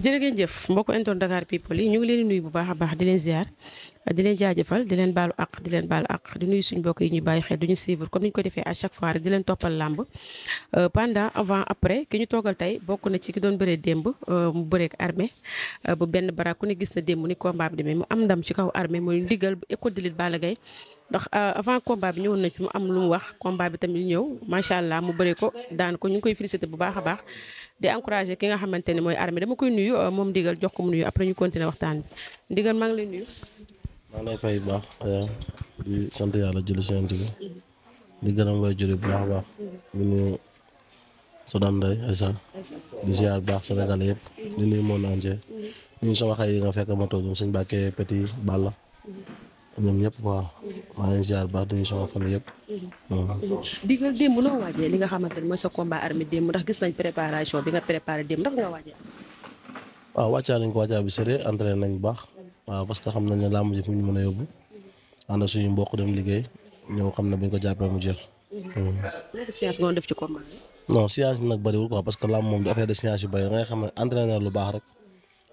jërë ngeen jëf mbokku intoon Dakar people yi ñu ngi leen di nuyu bu baax baax di leen ziar di leen jaajëfal di leen baalu àq di leen baalu àq di nuyu suñu mbokk yi ñuy bàyyi xel duñu suivre comme ni ñu ko defee à chaque fois rek di leen toppal làmb euh, pendant avant après ki ñu toogal tey bokk na ci ki doon bëree démb euh, mu bëree armée euh, bu benn bara ku ne gis na démb ni combat bi demee mu am ndam ci kaw armée muy ndigal bu école de lutte Balla Gaye ndax avant combat bi ñëwoon nañ fi mu am lu mu wax combat bi tamit ñëw macha allah mu bëree ko daan ko ñu ngi koy félicité bu baax a baax di encouragé ki nga xamante ne mooy armée dama koy nuyu moom ndigal jox ko mu nuyu après ñu continuer waxtaan bi ndigal maa maa lay fay baax euh, di sant yàlla julli si bi di gërëm way julli bu baax baax ñu nuyu Soda Ndeye Aïssa di ziar baax Sénégal yëpp di nuyu monde entier ñu sama xarit yi nga fekk ma toog ñoom suñu bàkkee ñëpp waaw maa ngi ziar baax di nuyu yëpp. li nga xamante ne mooy sa combat armé ndax gis nañ préparation bi nga préparé démb ndax nga waajee. waaw ah, wàccaa nañ ko wàccaa bi sëree entraîné nañ bu baax. waaw parce que xam nañ ne làmb ji fu ñu mën a yóbbu ànd suñu mbokk dem liggéey ñëw xam ne bu ñu ko jàppee mu jeex. naka science nga def ci combat non science yi nag bëriwul quoi parce que làmb moom du de science yu bëri da ngay xam ne entraîneur lu baax rek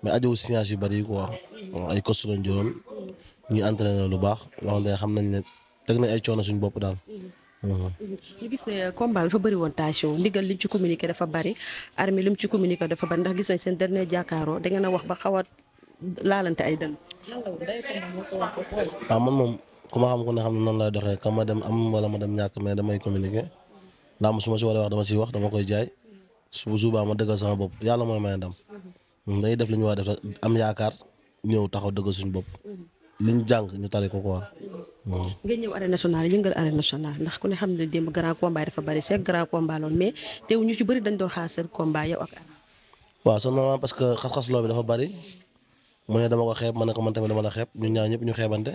mais ajuwu science yu ay coach lañ ñuy entraîneur lu baax loolu day xam nañ ne teg nañ ay coono suñu bopp daal. ñu gis ne combat dafa bëri woon tension ci communiqué dafa bëri ndax gis nañ seen dernier jàkkaaroo da a wax ba xaw a laalante ay dënn. waaw ah, man moom ku ma xam ku ne noonu ne nan laay doxee kam ma dem am wala ma dem ñàkk mais damay communiquer làmb su ma si war wax dama siy wax dama koy jaay su subaa ma dëggal sama bopp yàlla mooy may ndam. Mhm. dañuy def li ñu war def am yaakaar ñëw taxaw dëggal suñu bopp. Mhm. li ñu jàng ñu tari ko quoi. Mhm. nga ñëw arène nationale yëngal arène nationale ndax ku ne xam ne démb grand combat dafa bari c'est grand combat loolu mais teew ñu ci bëri dañ doon xaar seen combat yow waaw c'est normal parce que xas loo dafa bari mu ne dama ko xeeb ma ne ko man tamit dama la xeeb ñu ñaar ñëpp ñu xeebante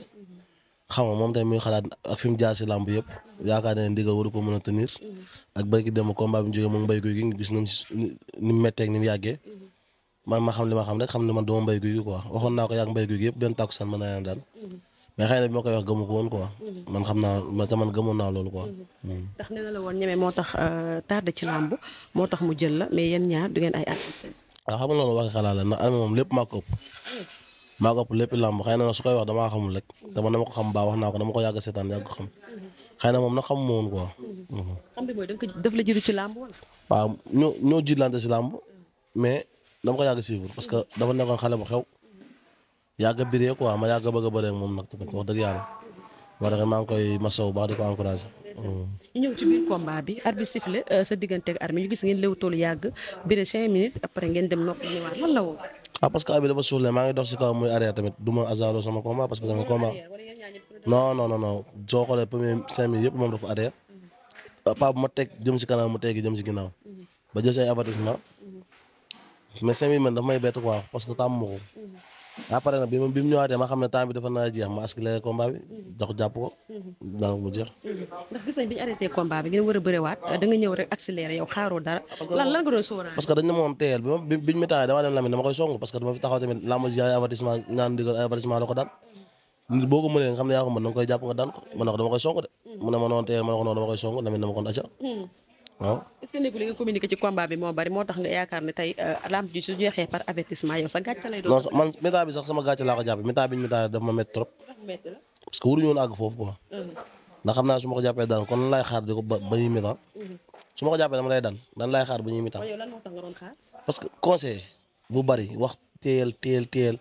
xam moom tamit muy xalaat ak fi mu jaar si làmb yëpp yaakaar ne ndigal waru ko mën a tenir ak barki dem combat bi mu jógee moom mbéy guy gis ni mu ni mu méttee ak ni mu yàggee man ma xam li ma xam rek xam ne man dama mbéy guy gi waxoon naa ko yàgg mbéy guy yëpp benn tàkkusaan mën naa daan mais xëy na bi ma koy wax ko woon quoi. man xam naa man man gëmoon naa loolu quoi. ndax moo tax euh, tardé ci làmb moo tax mu jël la mais yéen waaw xam nga loolu waxi xalaat la ndax Alioune moom lépp maa ko ëpp maa ko ëpp lépp làmb xëy na su koy wax damaa xamul rek dama dama ko xam baa wax naa ko dama ko yàgg seetaan yàgg ko xam xëy na moom na xamuma woon xam bi mooy ko daf la jiitu ci làmb wala. waaw ñoo ñoo jiitlante si làmb mais dama ko yàgg suivre parce que dafa nekkoon xale bu xew yàgg biree quoi ma yàgg bëgg a bëree moom nag wax dëgg yàlla moo tax maa ngi koy masaw baax di ko encouragé. ñu ñëw ci biir combat bi arbitre sifflé euh, sa diggante ak Armé ñu ngeen léew toolu yàgg biir cinq minutes après ngeen dem noppi ñëwaat ah, maa ngi dox si kaw muy arrière tamit du ma azaaloo sama combat parce que sama combat non non non soo xoolee premier cinq minutes yëpp mm-hmm. ma teg jëm si kanam mu teggi jëm mm-hmm. ba jël say avertissement mm-hmm. mais cinq minutes dafa may bett parce que tàmm ma après nag bi ma bi mu ñëwaatee xam ne temps bi dafa naa jeex ma askile combat bi dox mhm. a bëriwaat da nga ñëw rek accéléré yow xaaroo dara ah, lan lan nga doon parce que dama taxaw tamit laa ma jeex ay avertissement daan. boo ko mënee nga xam ne yaa ko mën na koy jàpp nga daan ma ne mhm. acca mhm. waaw est-ce que léegi li nga communiqué ci combat bi moo bari moo tax nga yaakaar ne tey euh, lamb ji su jeexee par avertissement yow sa gàcce lay doon. non man méta parce que conseil bu bari wax teel teel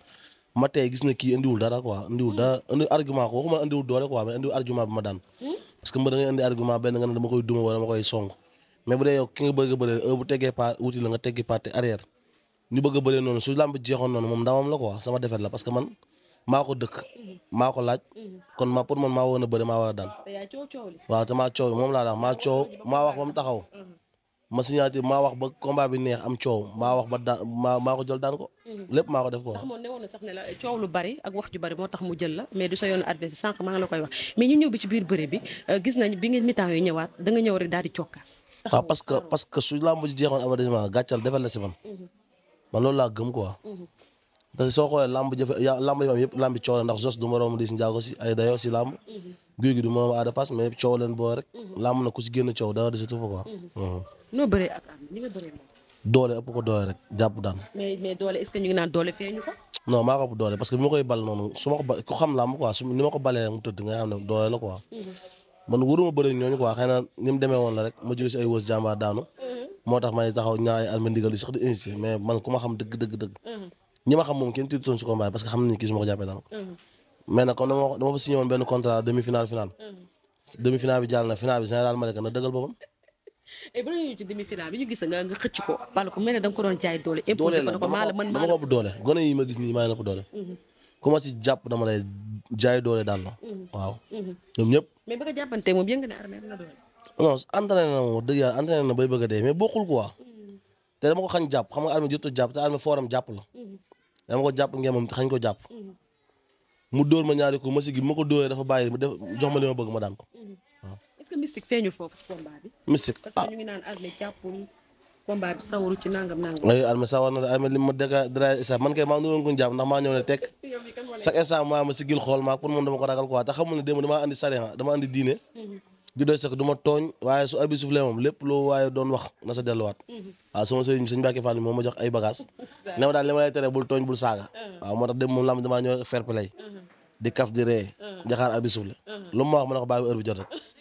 ma tey gis na kii indiwul dara quoi indiwul dara indi argument ko waxuma indiwul doole quoi indiwul argument bi ma daan. parce que mba da ngay argument benn nga ne dama koy duma wala dama koy song mais bu dee yow ki nga bëgg a bëree heure bu teggee pas wuti la nga teggi parti arrière ñu bëgg a bëree noonu su làmb jeexoon noonu moom ndamam la quoi sama defet la parce que man maa ko dëkk maa ko laaj kon ma pour man maa woon a bëri maa a daan waaw te maa moom laa wax maa coow maa wax ba mu taxaw ma signature maa wax ba combat bi neex am coow maa wax ba daan maa maa ko jël daan ko lépp maa ko def ko ndax moom newoon na la coow lu bari wax ju bari moo mu jël la mais sa yoon adversaire sànq maa ngi la koy wax ñu ñëw bi ci biir bëre bi euh, gis nañ bi nga mi temps ñëwaat da nga ñëw rek daal di cokkaas waaw parce que parce que su làmb ji jeexoon avertissement gàccal defal la si man mhm. man loolu laa gëm quoi. parce mhm. que soo xoolee làmb jafe làmb yi am yëpp làmb coow la ndax Jos du moroom di si njaago si ay dayoo si làmb. Mhm. guy gi du moroom Ada Fass mais coow leen boo rek. làmb na ku si génn coow dara desatu fa quoi. noo bëree doole ëpp ko doole rek jàpp daan. mais mais doole est-ce que maa ko ëpp doole parce que ma koy bal noonu su ma ko ba ku xam làmb quoi balee mu tëdd nga xam ne doole la quoi. man wuruma bëri ñooñu quoi xëy na ni mu demee woon la rek ma jóge si ay wës jàmbaar daanu mm-hmm. moo tax may taxaw ñaari alma ndigal sax di insister ma xam mm-hmm. ko mm-hmm. na dëggal boppam et eh, ba ñu ci demi finale bi ñu gis nga nga xëcc ko bal ko mel ne doon jaay doole imposé ko ne ko maa doole gone yi ma gis nii maa leen ëpp doole ku jàpp dama lay jaay doole daal la. Mhm. waaw mhm. ñoom ñëpp. mais bëgg a jàppante moom yëngu na armée a doole. non entraîné na moom dëgg yàlla entraîné na bay bëgg a dee mais bokkul quoi. Mhm. te dama ko xañ jàpp xam nga armée jàpp te armée fooram jàpp la. dama ko jàpp ngeen moom xañ ko jàpp. mu dóor ma ñaari ko ma si gi ma ko dóoree dafa bàyyi mu def jox ma li ma bëgg ma daan ko. waaw est-ce foofu ci combat bi. mystique parce ah. ñu ngi naan armée jàppul combat bi sawaru ci nangam nangam. ay alma sawar na de alma ma dégg dara isa man kay maa ngi doon ko ndax maa ñëw ne tekk chaque instant maa ma sigil xool maa pour moom dama ko ragal quoi te xamul ne démb andi sariya dama andi diine. di doy sax du tooñ waaye su abi suuf lee moom doon wax na sa delluwaat. waaw sama sëriñ sëñ Mbacke Fall moom ma jox ay bagages. ne ma daal li ma lay tere bul tooñ bul saaga. Uh-huh. waaw moo tax démb moom lam damaa ñëw fair play uh-huh. di kaf di ree uh-huh. jaxaar abi suuf la lu ma wax ma ne ko bàyyi heure bi jot rek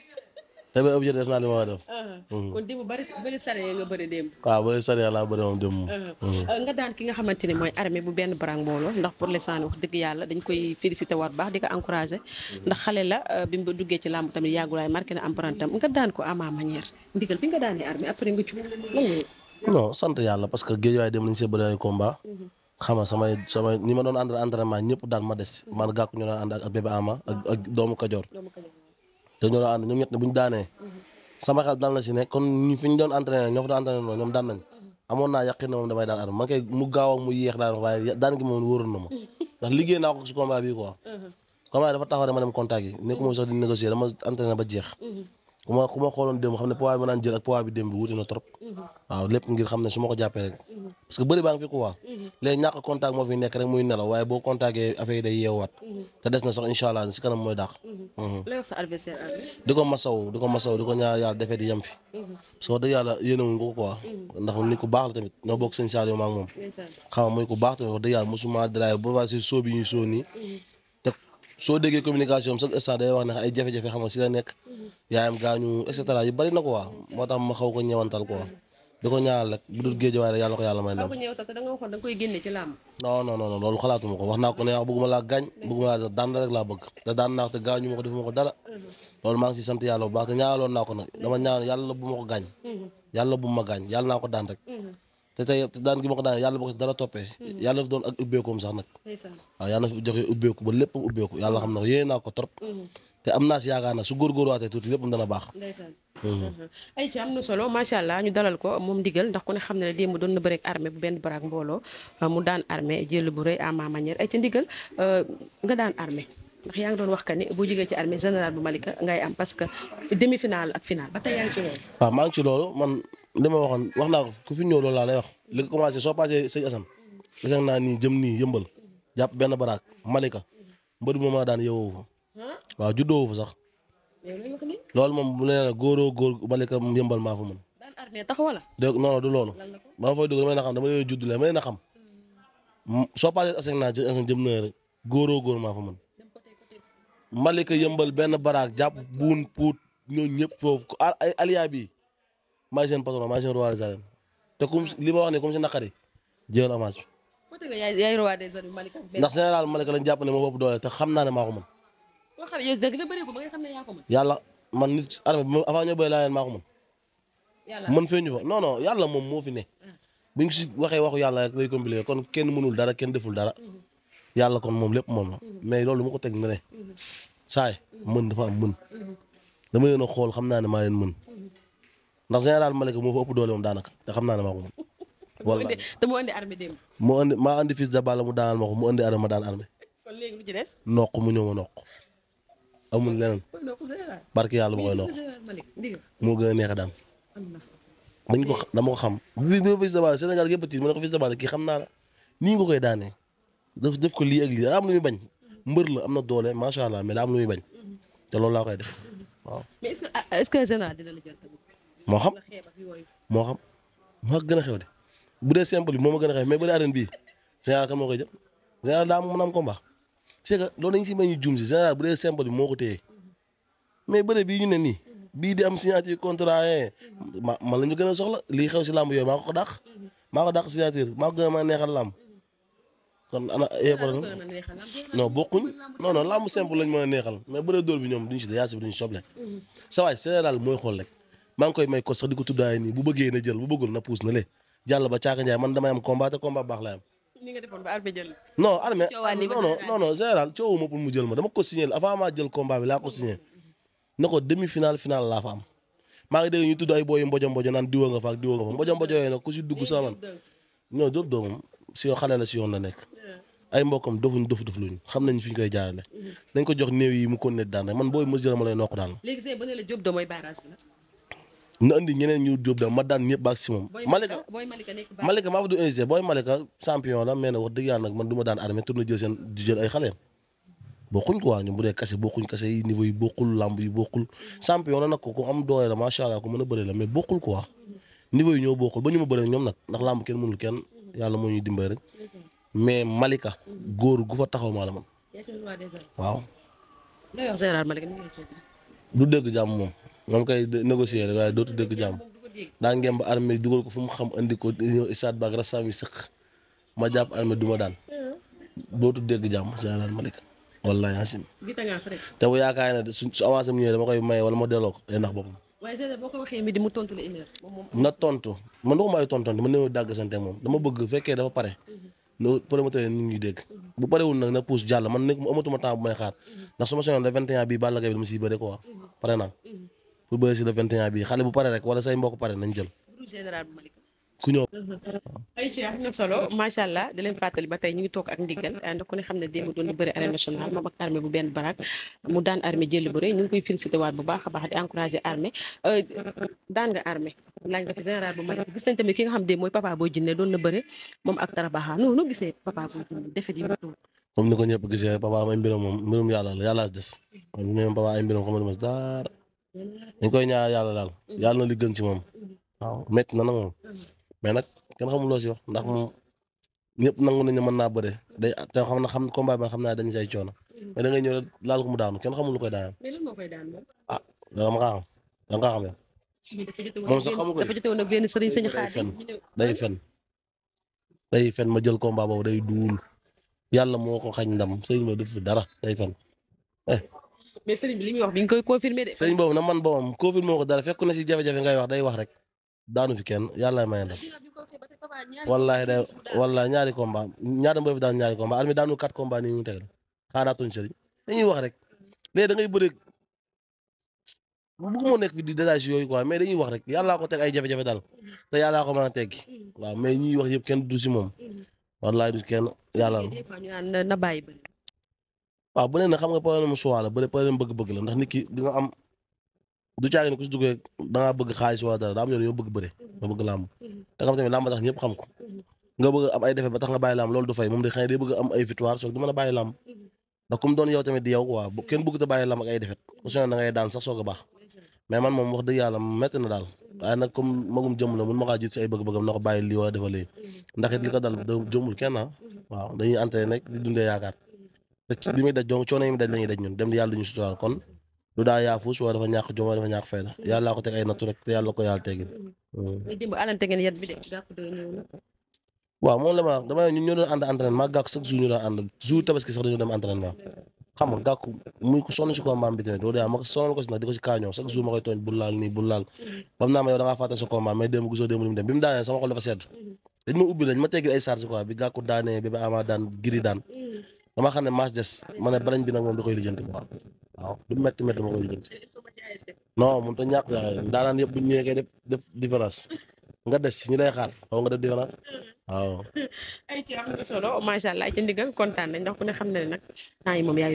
damay obligé def naa li ma war a def. Uh-huh. Mm-hmm. kon nga bëri waaw bari saree laa bëri uh-huh. mm-hmm. uh, daan ki nga xamante ne mooy armée bu benn barang mbooloo ndax pour l'instant wax dëgg yàlla dañ koy félicité war baax di ko encouragé. Mm-hmm. ndax xale la uh, bi mu duggee ci làmb tamit yàggulaay marqué na empreinte am nga daan ko ama nga daanee armée après nga cugg lan parce que dem nañ see bëri ay combat. xam nga samay samay ñi ma doon àndal entraînement ñëpp daan ma des. man gàkku ñu doon ànd ak bébé ama ak doomu Kajoor te ñoo doon ànd ñoom ñett ne bu ñu daanee sama xel dal na si ne kon ñu fi ñu doon entraîné ñoo fa doon entraîné ñoom daan nañ amoon naa yàqin ne damay daan Adama man kay mu gaaw mu yéex daan daan gi moom wóoroon na ma liggéey naa ko si combat bi quoi combat dafa taxaw rek ma dem contact yi nekkuma sax di négocier dama entraîné ba jeex mhm. bu ma ku ma xooloon démb xam ne poids bi ma naan jël trop mhm. waaw ngir xam ne su ma ko jàppee rek mhm. parce que bëri baa ngi fi quoi mhm. léegi ñàkk contact moo fi nekk rek muy nelaw waaye boo contactee affaire yi day yeewaat te des na sax incha allah si mooy dàq di ko masaw di di ko ñaar yàlla defee di yem fi parce que wax dëgg yàlla yéenewuñ ko quoi ndax nit ku baax la tamit ñoo bokk seen saal yo maagi moom xam muy ku baax tamit wax dëgg yàlla ba waa si soo bi soo déggee communication sax instant day wax ne ay jafe-jafe xam nga si la nekk yaayam gaañu et cetera yu bari na quoi moo tax ma xaw ko ñëwantal ko di ko ñaanal rek bu dul géej waaye rek yàlla ko yàlla may ndam. non non non loolu xalaatuma ko wax naa ko ne wax ah, laa gaañ bëgguma laa daan rek laa bëgg te daan naa ko te gaañu ma ko defuma ko dara loolu maa ngi si sant yàlla bu baax te ñaanaloon naa ko nag dama ñaan yàlla bu ma ko gaañ mm-hmm. yàlla bu ma gaañ yàlla naa ko daan rek mm-hmm. te tey daan gi ma ko daan yàlla ba ko dara toppee mm-hmm. yàlla daf doon ak ubbeekoom sax nag waaw yàlla na fi joxe ubbeeku ba lépp ubbeeku yàlla xam na ko yéene naa ko trop mm-hmm. te am naa mm-hmm. am na solo macha allah ñu dalal ko moom ndigal ndax ku ne xam ne ne démb doon na bëreek armée bu benn baraak mbooloo mu daan a jël bu rëy à ma manière ay ci ndigal euh, nga daan armée ndax yaa ngi doon wax que ni boo jógee ci armée général Malika ngay am parce ma waxoon wax naa ko ku fi ñëw loolu laa lay wax li ko commencé ma daan yeewoo fa waaw juddoo fa sax. loolu moom bu nee na góoroo góor Malika yëmbal maa fa mën. daan armée tax wala. ma fay xam soo passé sëñ naa jëm na rek góoroo góor maa mën Malika yëmbal benn baraak jàpp buun puut ñooñu ñëpp foofu ay aliya bi maa ngi seen patron maa ngi seen roi des arènes te comme li ma wax ne comme si naqari jël avance bi. ndax général Malika lañ jàpp ne moo ëpp doole te xam ne maa ko mën. koo xam yow dëgg la bëree ko ba nga xam ne yaa ko yàlla man nit armée bi avant ñoo laa leen maa ko feeñu fa non yàlla moom moo fi ne. Ah. buñ si waxee waxu yàlla lay compliqué kon kenn mënul dara kenn deful dara. Mhm. yàlla kon moom lépp moom la mm-hmm. mais loolu ma ko teg ne ne mm-hmm. saay mm-hmm. mën dafa am mën a xool xam naa ne maa leen ndax général Malika moo fa ëpp doole moom daanaka te xam naa ne maa ko mën wala te mu andi armée démb mu andi mu daanal ma ko mu andi armée ma daan armée kon léegi lu mu ñëw ma yàlla ma koy moo gën a neex daan dañ ko dama ko xam bi bi fils de Balla Sénégal yëpp ne ko fils de Balla kii xam nii nga koy daanee def def ko lii ak lii am lu muy bañ mbër la am na doole macha allah mais daa am lu bañ te loolu laa koy def waaw. mais est-ce ah, moo xam moo xam moo gën a xew de bu dee simple bi moo ma gën a xew mais bu dee arène bii Zena kan moo koy jël Zena daa mën a am combat c'est que loolu dañ si may ñu si Zena bu dee simple bi moo ko téye mais bëre bii ñu ne nii. bii di am signature contra yee ma la ñu gën a soxla lii xew si làmb yooyu maa ko ko dàq mm-hmm. maa ko dàq signature maa ko gën a ma neexal làmb kon ana eh, yebal ah, non bokkuñ non non làmb simple lañ mën a neexal ma bëre dóor bi ñoom duñ si da yaa si bi duñ soble mm-hmm. sa waay mooy xool rek maa ngi koy ma ko sax di ko ni nii bu bëggee na jël bu bëggul na puus na le jàll ba caaka njaay man damay am combat te combat baax laay am ni nga ba armée jël non armée ma pour mu jël ma dama ko signé avant maa jël combat bi ko na ko demi final final laa fa am maa ngi dégg ñu tudd ay booyu mbojo mbojo naan diwa nga fa ak diwa nga fa mbojo mbojo yooyu nag ku si dugg sax man non jóg doomam si yoo xale la si yoon la nekk. ay mbokkam dofuñ dof dof luñ xam nañ fi ñu koy jaarale. dañ mm-hmm. ko jox néew yi mu ko ne daan rek man booy mesure ma lay noq daal. ba ne la ñeneen ñu Diop da ma daan ñëpp si moom. Malika booy ma nekk baax Malika maa fa du UGC booy Malika champion la mais nag wax dëgg yàlla nag man du daan armée tourné jël seen jël ay xale. bokkuñ quoi ñu bu dee kase bokkuñ kase yi niveau yi bokkul lamb yi bokkul mm-hmm. champion la nag ko ku am doole la macha allah ku mën a bëre la mais ko quoi mm-hmm. niveau yi ñoo bokkul ba ñu ma bëre ñoom nag ndax lamb kenn mënul kenn yàlla moo ñuy dimbali rek mais Malika góor gu fa taxaw maa la man du dëgg jàmm moom moom kay négocier rek waaye dootu dëgg jàmm daa ngeen ba armée dugal ko fu mu xam andi ko ñëw isaat baag rassam yi sëq ma jàpp armée du ma daan dootu dëgg jàmm général Malika wallaay asim te bu yaakaar ne su avancé mu ñëwee dama koy maye wala ma delloo ko day nax boppam waaye Zé tontu la une heure. moom moom na tontu man dama ay tontonte man néew dàgg sante moom dama bëgg fekkee dafa pare. Mhm. loolu promoteur nit ñi dégg. Mhm. bu parewul nag na pousse jàll man nekk mu amatuma temps bu may xaar mhm. ndax su ma soñoon bii Balla Gaye bi dama siy bëre quoi pare naa. pour bëre si le 21 bii xale bu pare rek wala say mbokk pare nañ jël. général bu Malick ku ñëw. ay ci am allah di leen fàttali ba tey ñu ngi toog ak ndigal ndax ku ne xam ne démb doon na bëri arène nationale moom ak armée bu benn barak mu daan armée jël bu rëy ñu ngi koy waat bu baax a baax di euh, daan nga armée laaj nga fi bu mag gis nañ tamit ki nga xam ne mooy papa booy jinne doon na bëri moom ak tarabaxa noonu gisee papa booy jinne defet yi mu comme ni ko ñëpp gisee papa am moom mbirum yàlla la yàlla des moom ñu ne papa ay mbiram xam dañ koy ñaar yàlla daal mm-hmm. yàlla na li si moom waaw métti na na moom mais nag kenn xamul si wax ndax moom ñëpp nangu nañ mën naa bëre day te xam na xam combat bi xam naa dañu say coono mais da ngay ñëw laal ko mu daanu kenn koy daanam. mais lan moo ah, xam dama moom sax xamu ko dafa jote day ah. fen day fen ma jël combat boobu day duul yàlla moo ko xañ ndam sëriñ boobu def dara day fen eh. mais sëriñ bi li ñu wax bi ñu koy confirmer de. sëriñ boobu na man boobam confirmer ko dara fekk na si jafe-jafe ngay wax day wax rek daanu fi kenn yàlla may ndam wallaahi day wallaahi ñaari combat ñaata mbër fi daan ñaari combat Almi daanu quatre combat nii ñu tegal xaaraatuñ sëriñ dañuy wax rek léegi da ngay bëre bu bëgg nekk di détail yooyu quoi mais dañuy wax rek yàllaa ko teg ay jafe-jafe daal te yàllaa ko mën a teggi waaw mais ñiy wax yëpp kenn du si moom wallaahi du kenn yàlla la. waaw bu ne na xam nga problème mu suwaa la bëre problème bëgg-bëgg la du caagi ne ku si duggee da ngaa bëgg xaalis wala dara daa am yoon yoo bëgg bëre nga bëgg làmb te xam tamit làmb tax ñëpp xam ko nga bëgg am ay defet ba tax nga bàyyi làmb loolu du fay moom a da ngay daan a na daal waaye nag comme magum jëm la mun ma kaa jiit si ay bëgg-bëggam na ko bàyyi lii wala defal lii li ko dal da jëmul kenn ah di dundee yaakaar te muy daj donc coono yi muy daj la daj ñun dem di yàlla ñu sutural kon du daa yaafus wala dafa ñàkk jom wala dafa ñàkk fayda yàlla ko teg ay nattu rek te yàlla ko yàlla tegin. Mm. Mm. muy démb alante ngeen yat bi de gàkku day ñëw na. waaw moom la ma wax dama ñun ñoo ko sonn si combat si nag mm-hmm. da ngaa fàtte sa combat mais démb gisoo démb ni bi mu daanee sama xol mm-hmm. daan giri daan mm-hmm. dama xam ne mas des ma ne bi nag moom da koy lijjanti quoi waaw du métti métti ma koy jënd non yëpp bu ñu ñëwee kay def nga des si ñu lay xaar xaw solo macha allah ci kontaan nañ ndax ku ne xam ne nag temps yi moom yaa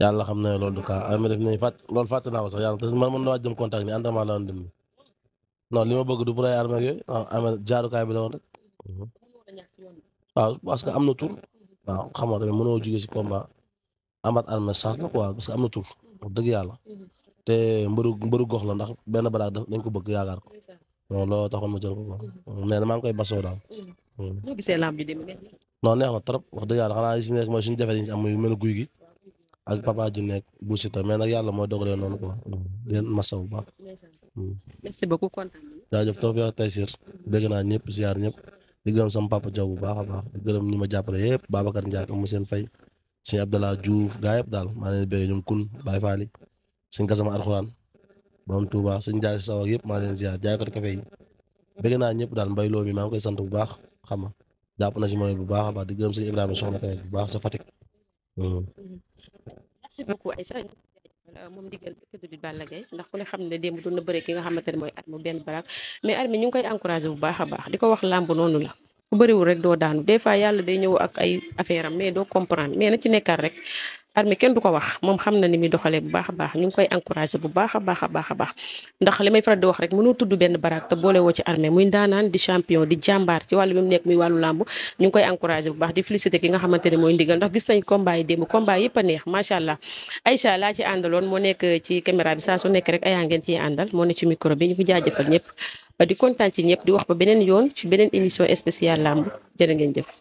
xam na loolu du cas ah, loolu fàtt naa ko sax yàlla te man mën li bëgg du pour ay ah, bi la woon rek waaw parce que am na tur waaw xam nga tamit mënoo jugee si combat amaat armé chance la quoi parce que am na tur wax dëgg yàlla te mbëru mbëru gox la ndax benn baraag dañ ko bëgg yaakaar ko non looloo taxoon ma jël ko quoi mais mm-hmm. maa ngi koy basoo daal. ñoo mm-hmm. mm-hmm. gisee lamb ji dem wax dëgg yàlla xanaa li si nekk mooy suñu jafe yi am muy mel guy gi ak papa ju nekk bu si mais nag yàlla mooy dogalee noonu ko di leen masawu bu baax. merci beaucoup kontaan. jaajëf Tawfekh Taysir naa ñëpp ziar ñëpp. di gërëm papa Diaw bu baax a baax di gërëm ñi ma jàppale yëpp Babacar Ndiaye mu seen fay sëñ Abdallah Diouf gaa yëpp daal maa leen bëgg ñoom kun Baye Faali sëñ Kasama Alxuraan borom Touba sëñ Ndiaye Sow ak yëpp maa leen si jaay ko di naa ñëpp daal mbay loo mi maa ngi koy sant bu baax xam nga jàpp na si mooy bu baax a baax di gërëm sëñ Ibrahima bu baax sa Fatick hmm. moom ndigal bi tudd di Balla Gaye ndax ku ne xam ne démb doon na bëre ki nga xamante ne mooy Armé benn baraak mais Armé ñu koy encouragé bu baax a baax di ko wax làmb noonu la ku wu rek doo daanu des fois yàlla day ñëw ak ay affaire am mais doo comprendre mais na ci nekkaat rek armée kenn du ko wax moom xam na ni muy doxalee bu baax a baax ñu ngi koy encouragé bu baax a baax a a ndax li may faral di wax rek mënoo tudd benn baraak te boole woo ci armée muy ndaanaan di champion di jàmbaar ci wàllu bi nekk muy wàllu làmb ñu ngi koy encouragé bu baax di félicité ki nga xamante ne mooy ndigal ndax gis nañ combat yi démb combat yëpp a neex macha allah Aïcha laa ci àndaloon moo nekk ci caméra bi saa su nekk rek ayaa ngeen ciy àndal moo ne ci micro bi ñu ko jaajëfal ñëpp ñëpp di wax ba beneen yoon ci beneen émission spéciale làmb jërë ngeen